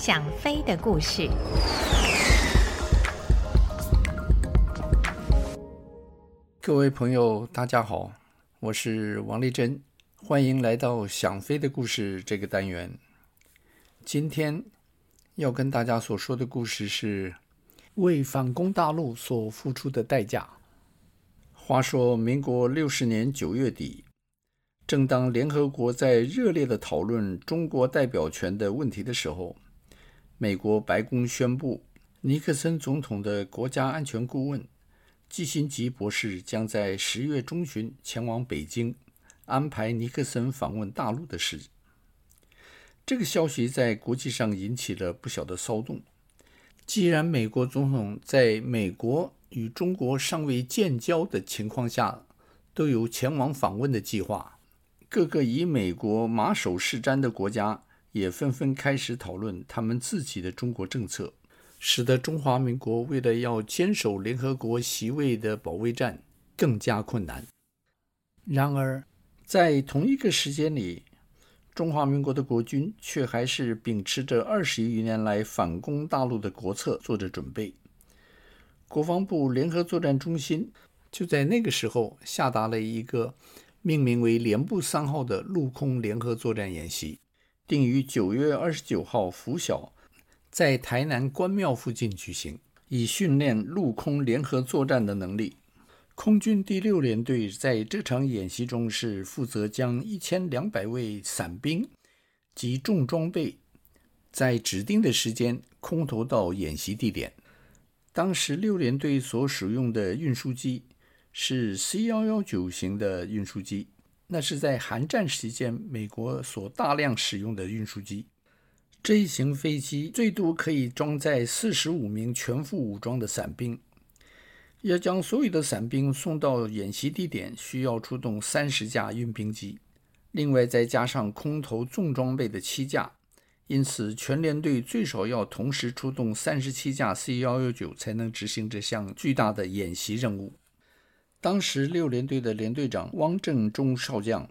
想飛的故事，各位朋友，大家好，我是王麗珍，歡迎來到想飛的故事這個單元。今天要跟大家所說的故事是為反攻大陸所付出的代價。話說，民國六十年九月底，正當聯合國在熱烈地討論中國代表權的問題的時候。美國白宮宣布，尼克森總統的國家安全顧問基辛吉博士將在十月中旬前往北京，安排尼克森訪問大陸的事。這個消息在國際上引起了不小的騷動。既然美國總統在美國與中國尚未建交的情況下都有前往訪問的計劃，各個以美國馬首是瞻的國家。也紛紛開始討論他們自己的中國政策，使得中華民國為了要堅守聯合國席位的保衛戰更加困難。然而，在同一個時間裡，中華民國的國軍卻還是秉持着二十餘年來反攻大陸的國策做着準備。國防部聯合作戰中心就在那個時候下達了一個命名為“聯部三號”的陸空聯合作戰演習。定於九月二十九號拂曉，在台南關廟附近舉行，以訓練陸空聯合作戰的能力。空軍第六聯隊在這場演習中是負責將一千兩百位傘兵及重裝備，在指定的時間空投到演習地點。當時六聯隊所使用的運輸機是 C 幺幺九型的運輸機。那是在韓戰期間美國所大量使用的運輸機。這一型飛機最多可以裝載四十五名全副武裝的傘兵。要將所有的傘兵送到演習地點，需要出動三十架運兵機，另外再加上空投重裝備的七架，因此全聯隊最少要同時出動三十七架 C 幺幺九，才能執行這項巨大的演習任務。當時六聯隊的聯隊長汪正中少將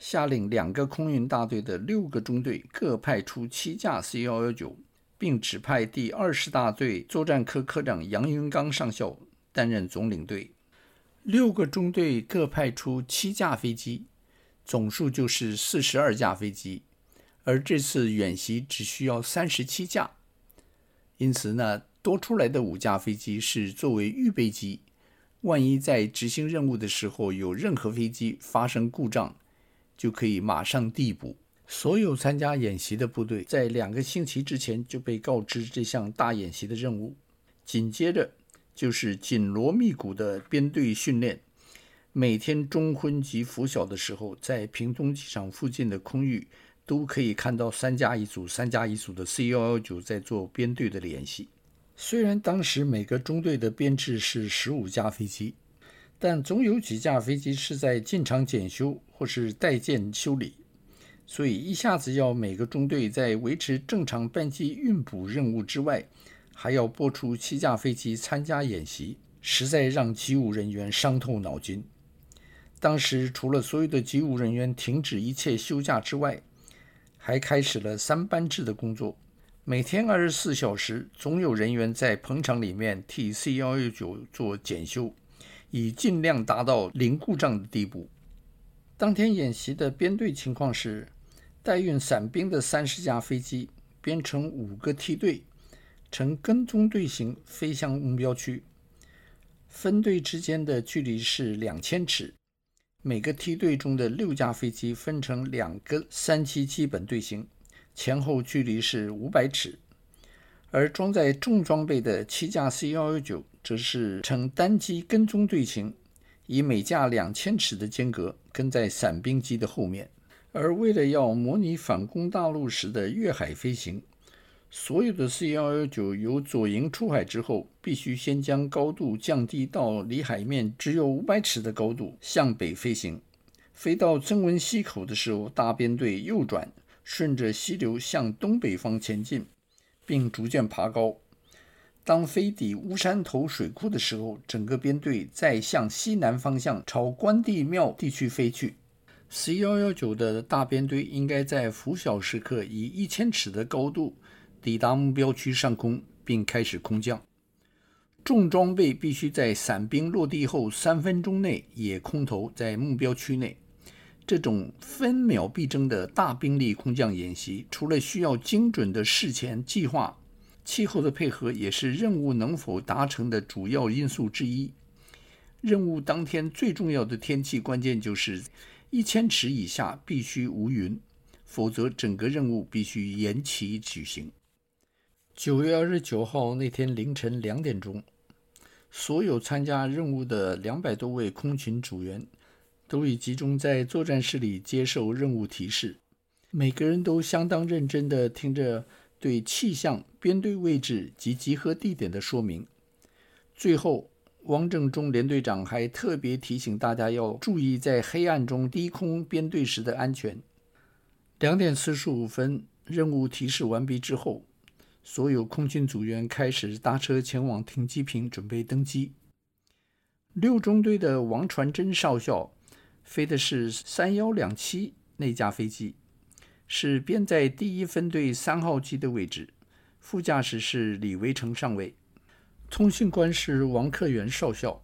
下令，兩個空運大隊的六個中隊各派出七架 C 幺幺九，並指派第二十大隊作戰科科長楊雲剛上校擔任總領隊。六個中隊各派出七架飛機，總數就是四十二架飛機。而這次遠襲只需要三十七架，因此呢，多出來的五架飛機是作為預備機。萬一在執行任務的時候有任何飛機發生故障，就可以馬上地補。所有參加演習的部隊在兩個星期之前就被告知這項大演習的任務，緊接着就是緊鑼密鼓的編隊訓練。每天中昏及拂曉的時候，在平東機場附近的空域，都可以看到三加一組、三加一組的 C 幺幺九，在做編隊的聯繫。雖然當時每個中隊的編制是十五架飛機，但總有幾架飛機是在進廠檢修或是待件修理，所以一下子要每個中隊在維持正常班機運補任務之外，還要撥出七架飛機參加演習，實在讓機務人員傷透腦筋。當時除了所有的機務人員停止一切休假之外，還開始了三班制的工作。每天二十四小時，總有人員在棚廠裡面替 C 幺幺九做檢修，以盡量達到零故障的地步。當天演習的編隊情況是：代運傘兵的三十架飛機編成五個梯隊，呈跟蹤隊形飛向目標區。分隊之間的距離是兩千尺，每個梯隊中的六架飛機分成兩個三機基本隊形。前後距離是五百尺，而裝載重裝備的七架 C 幺幺九則是呈單機跟蹤隊形，以每架兩千尺的間隔跟在傘兵機的後面。而為了要模擬反攻大陸時的越海飛行，所有的 C 幺幺九由左營出海之後，必須先將高度降低到離海面只有五百尺的高度，向北飛行。飛到曾文溪口的時候，大編隊右轉。順着溪流向東北方前進，並逐漸爬高。當飛抵烏山頭水庫的時候，整個編隊再向西南方向朝關帝廟地區飛去。C 幺幺九的大編隊應該在拂曉時刻以一千尺的高度抵達目標區上空，並開始空降。重裝備必須在傘兵落地後三分鐘內也空投在目標區內。這種分秒必爭的大兵力空降演習，除了需要精準的事前計劃，氣候的配合也是任務能否達成的主要因素之一。任務當天最重要的天氣關鍵就是一千尺以下必須無雲，否則整個任務必須延期舉行。九月二十九號那天凌晨兩點鐘，所有參加任務的兩百多位空勤組員。都已集中在作戰室裡接受任務提示，每個人都相當認真地聽着對氣象、編隊位置及集合地點的說明。最後，汪正中聯隊長還特別提醒大家要注意在黑暗中低空編隊時的安全。兩點四十五分，任務提示完畢之後，所有空軍組員開始搭車前往停機坪準備登機。六中隊的王傳真少校。飛的是三幺兩七那架飛機，是編在第一分隊三號機的位置，副駕駛是李維成上尉，通訊官是王克元少校，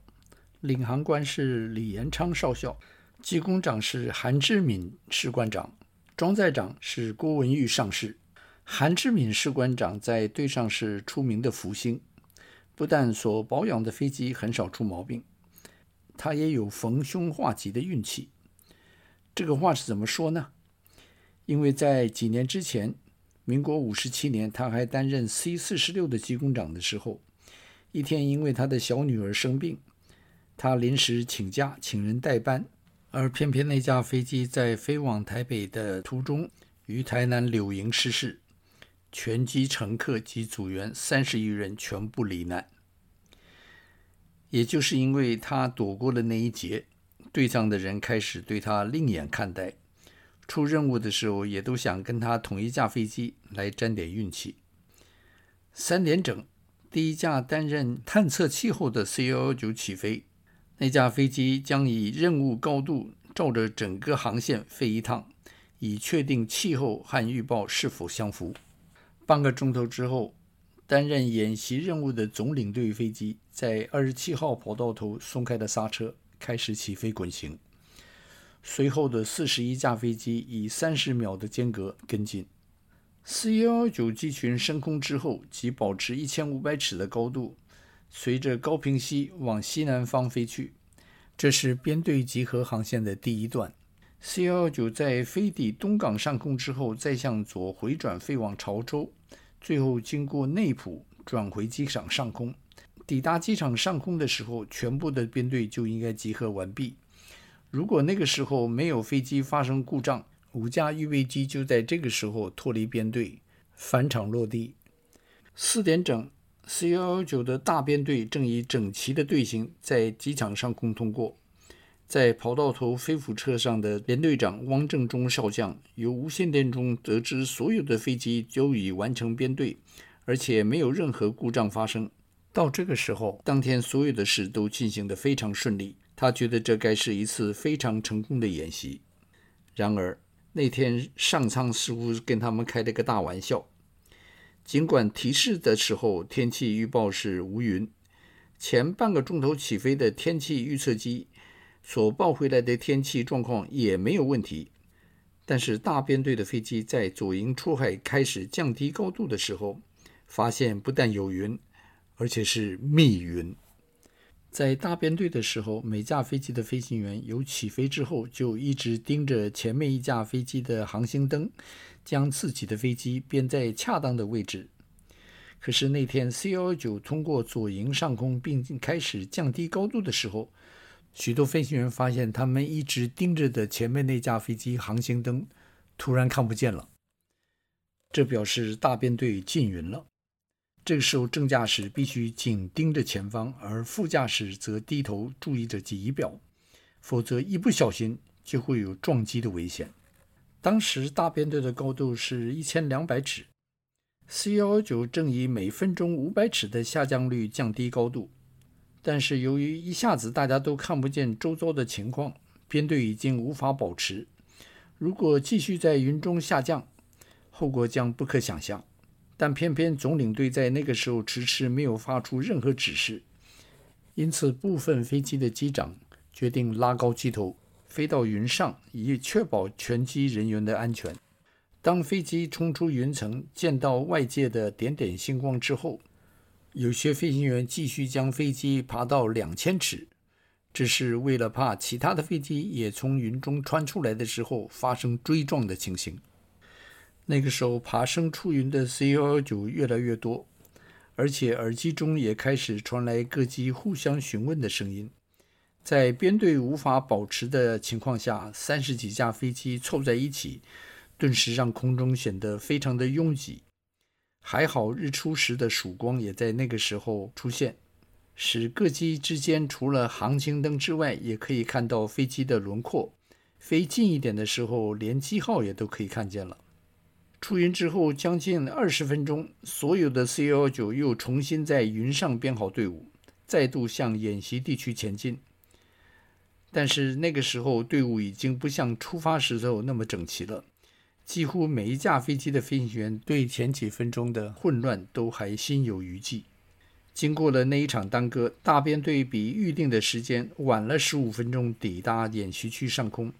領航官是李延昌少校，機工長是韓志敏士官長，裝載長是郭文玉上士。韓志敏士官長在隊上是出名的福星，不但所保養的飛機很少出毛病，他也有逢凶化吉的運氣，這個話是怎麼說呢？因為在幾年之前，民國五十七年，他還擔任 C 四十六的機工長的時候，一天因為他的小女兒生病，他臨時請假，請人代班，而偏偏那架飛機在飛往台北的途中，於台南柳營失事，全機乘客及組員三十餘人全部罹難。也就是因為他躲過了那一劫，隊上的人開始對他另眼看待。出任務的時候，也都想跟他同一架飛機來沾點運氣。三點整，第一架擔任探測氣候的 C119 起飛，那架飛機將以任務高度照着整個航線飛一趟，以確定氣候和預報是否相符。半個鐘頭之後。擔任演習任務的總領隊飛機在二十七號跑道頭鬆開了剎車，開始起飛滾行。隨後的四十一架飛機以三十秒的間隔跟進。C 幺幺九機群升空之後，即保持一千五百尺的高度，隨着高屏溪往西南方飛去。這是編隊集合航線的第一段。C 幺幺九在飛抵東港上空之後，再向左回轉飛往潮州。最後經過內浦轉回機場上空，抵達機場上空的時候，全部的編隊就應該集合完畢。如果那個時候沒有飛機發生故障，五架預備機就在這個時候脫離編隊，返場落地。四點整，C 幺幺九的大編隊正以整齊的隊形在機場上空通過。在跑道頭飛虎車上的聯隊長汪正中少將，由無線電中得知，所有的飛機都已完成編隊，而且沒有任何故障發生。到這個時候，當天所有的事都進行得非常順利，他覺得這該是一次非常成功的演習。然而，那天上蒼似乎跟他們開了個大玩笑。儘管提示的時候天氣預報是無雲，前半個鐘頭起飛的天氣預測機。所報回來的天氣狀況也沒有問題，但是大編隊的飛機在左營出海開始降低高度的時候，發現不但有雲，而且是密雲。在大編隊的時候，每架飛機的飛行員由起飛之後就一直盯着前面一架飛機的航行燈，將自己的飛機編在恰當的位置。可是那天 C 幺幺九通過左營上空並開始降低高度的時候。許多飛行員發現，他們一直盯着的前面那架飛機航行燈突然看不見了。這表示大編隊進雲了。這個時候，正駕駛必須緊盯着前方，而副駕駛則低頭注意着儀表，否則一不小心就會有撞擊的危險。當時，大編隊的高度是一千兩百尺，C 幺幺九正以每分鐘五百尺的下降率降低高度。但是由於一下子大家都看不見周遭的情況，編隊已經無法保持。如果繼續在雲中下降，後果將不可想象。但偏偏總領隊在那個時候遲遲沒有發出任何指示，因此部分飛機的機長決定拉高機頭，飛到雲上，以確保全機人員的安全。當飛機衝出雲層，見到外界的點點星光之後，有些飛行員繼續將飛機爬到兩千尺，這是為了怕其他的飛機也從雲中穿出來的時候發生追撞的情形。那個時候，爬升出雲的 C119 越來越多，而且耳機中也開始傳來各機互相詢問的聲音。在編隊無法保持的情況下，三十幾架飛機湊在一起，頓時讓空中顯得非常的擁擠。還好，日出時的曙光也在那個時候出現，使各機之間除了航行燈之外，也可以看到飛機的輪廓。飛近一點的時候，連機號也都可以看見了。出雲之後將近二十分鐘，所有的 C 幺幺九，又重新在雲上編好隊伍，再度向演習地區前進。但是那個時候，隊伍已經不像出發時候那麼整齊了。幾乎每一架飛機的飛行員對前幾分鐘的混亂都還心有餘悸。經過了那一場耽擱，大編隊比預定的時間晚了十五分鐘抵達演習區上空。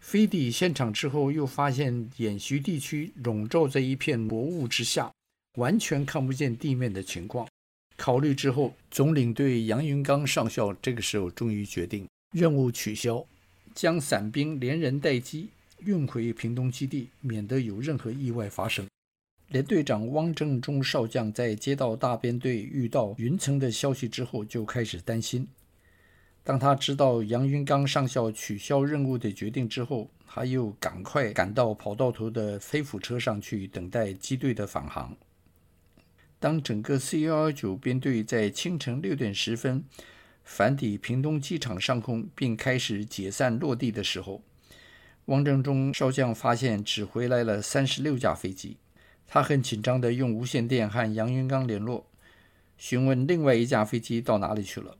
飛抵現場之後，又發現演習地區籠罩在一片薄霧之下，完全看不見地面的情況。考慮之後，總領隊楊雲剛上校這個時候終於決定任務取消，將傘兵連人帶機。運回屏東基地，免得有任何意外發生。聯隊長汪正中少將在接到大編隊遇到雲層的消息之後，就開始擔心。當他知道楊雲剛上校取消任務的決定之後，他又趕快趕到跑道頭的飛虎車上去等待機隊的返航。當整個 C 幺幺九編隊在清晨六點十分返抵屏東機場上空，並開始解散落地的時候。王正中少將發現只回來了三十六架飛機，他很緊張地用無線電和楊雲剛聯絡，詢問另外一架飛機到哪裡去了。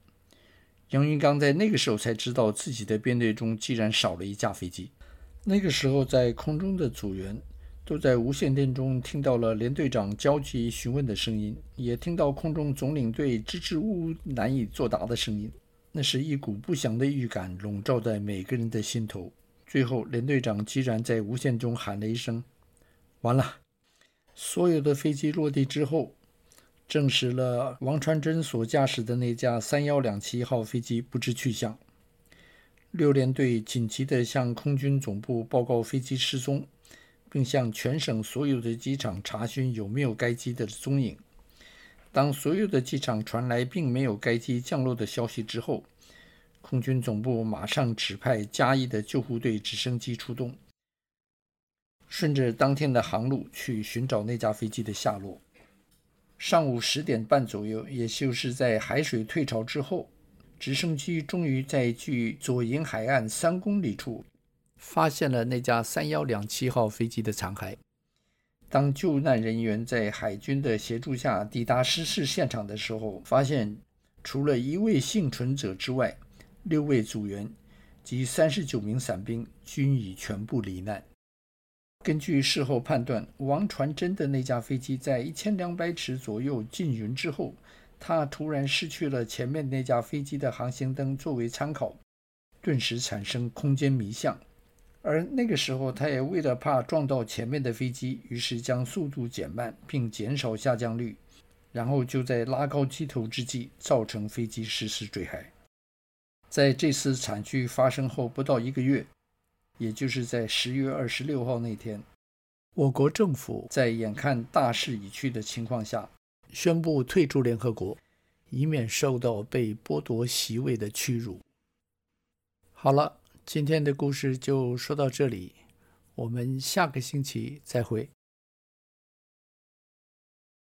楊雲剛在那個時候才知道自己的編隊中竟然少了一架飛機。那個時候在空中的組員都在無線電中聽到了聯隊長焦急詢問的聲音，也聽到空中總領隊支支吾吾難以作答的聲音。那是一股不祥的預感籠罩在每個人的心頭。最後，連隊長居然在無線中喊了一聲：“完了！”所有的飛機落地之後，證實了王傳珍所駕駛的那架三幺兩七號飛機不知去向。六連隊緊急的向空軍總部報告飛機失蹤，並向全省所有的機場查詢有沒有該機的蹤影。當所有的機場傳來並沒有該機降落的消息之後，空軍總部馬上指派嘉義的救護隊直升機出動，順着當天的航路去尋找那架飛機的下落。上午十點半左右，也就是在海水退潮之後，直升機終於在距左營海岸三公里處發現了那架三幺兩七號飛機的殘骸。當救難人員在海軍的協助下抵達失事現場的時候，發現除了一位幸存者之外，六位組員及三十九名傘兵均已全部罹難。根據事後判斷，王傳真的那架飛機在一千兩百尺左右進雲之後，他突然失去了前面那架飛機的航行燈作為參考，頓時產生空間迷向。而那個時候，他也為了怕撞到前面的飛機，於是將速度減慢並減少下降率，然後就在拉高機頭之際，造成飛機失事墜海。在這次慘劇發生後不到一個月，也就是在十月二十六號那天，我國政府在眼看大勢已去的情況下，宣布退出聯合國，以免受到被剝奪席位的屈辱。好了，今天的故事就說到這裡，我們下個星期再會。